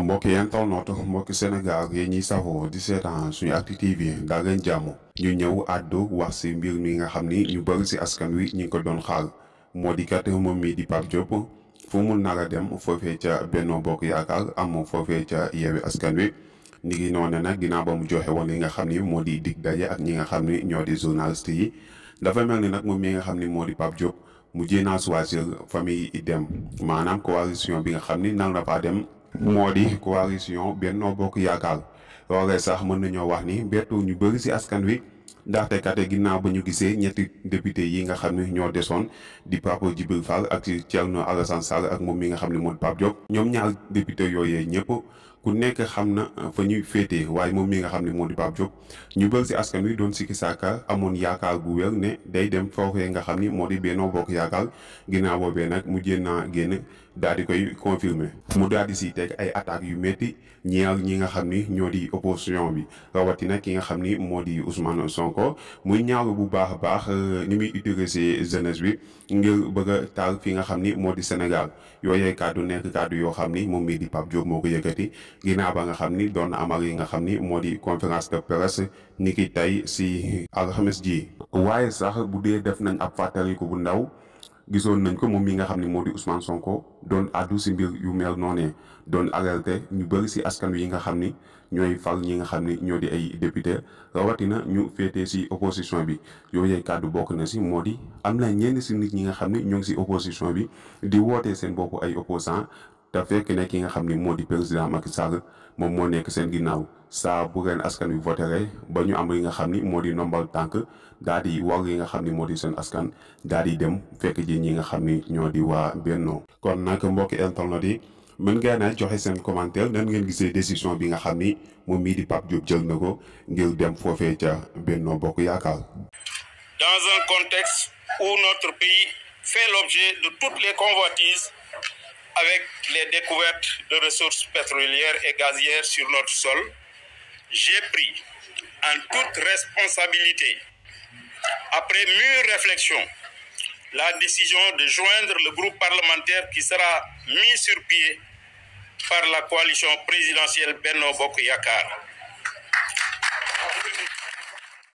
mbokk internaute mbokk Sénégal yi ñuy safoo di seetaan suñu Actu TV daa leen jàmm ñu ñëw àddu wax si mbir mi nga xam ni ñu bëri si askan wi ñu ngi ko doon xaal moo di kat moom mii di Pape Diop fu mu nar a dem foofee ca Benno Bokk Yaakaar am foofee ca Yewwi Askan Wi ni ngi noonu nag ginnaaw ba mu joxe woon li nga xam ni moo di dig ak ñi nga xam ni ñoo di journaliste yi dafa mel ni nag moom mi nga xam ni moo di Pape Diop mu jéem a choisir famille dem maanaam coalition bi nga xam ni nar na faa dem. moo di coalition Benno Bokk Yaakaar loolee sax mën nañoo wax ni bettu ñu bëri si askan wi ndaxte kate ginnaaw ba ñu gisee ñetti député yi nga xam ne ñoo desoon di Papa Djibril Fall ak Thierno Alassane Sall ak moom mi nga xam ne mooy Pape Diop ñoom ñaar député yooyee ñëpp ku nekk xam na euh, fa ñuy féetee waaye moom mi nga xam ne moo di Pape Diop ñu bëgg si askan wi doon sikki saaka amoon yaakaar gu wér ne day dem ye nga xam ni moo di Benno Bokk Yaakaar ginnaaw boobee mu jéem a génn daal di koy confirmer mu daal di siy teg ay attaques yu métti ñeel ñi nga xam ni ñoo di opposition bi rawatina ki nga xam ni moo di Ousmane Sonko muy ñaaru bu baax a baax euh, ni muy utiliser jeunesse bi ngir bëgg a taal fi nga xam ni moo di Sénégal yooyee kàddu nekk kàddu yoo xam ni moom mii di Pape Diop moo ko yëkkati. ginnaaw ba nga xam ni doon na amal yi nga xam ni moo di conférence de presse ni ki tey si alxames ji waaye sax bu dee def nañ ab ko bu ndaw gisoon nañ ko moom mi nga xam ni moo di Ousmane Sonko doon addu si mbir yu mel noonee doon alerté ñu bëri si askan wi nga xam ni ñooy fal ñi nga xam ni ñoo di ay député rawatina ñu féetee si opposition bi yooyu kàddu bokk na si moo di am na ñenn si ñi nga xam ne ñoo ngi si opposition bi di wootee seen bopp ay opposant te fekk ne ki nga xam ni moo di président Macky Sall moom moo nekk seen ginnaaw saa bu leen askan wi voteree ba ñu li nga xam ni moo di nombal tànk daa di war yi nga xam ni moo di seen askan daa di dem fekk ji ñi nga xam ni ñoo di waa Benno kon nag mbokki internet yi mën gaa na joxe seen commentaire nan ngeen gisee décision bi nga xam ni moom mii di Pape Diop jël na ko ngir dem foofee ca Benno Bokk Yaakaar. Dans un contexte où notre pays fait l'objet de toutes les convoitises avec les découvertes de ressources pétrolières et gazières sur notre sol, j'ai pris en toute responsabilité, après mûre réflexion, la décision de joindre le groupe parlementaire qui sera mis sur pied par la coalition présidentielle Benno Bokk Yakaar.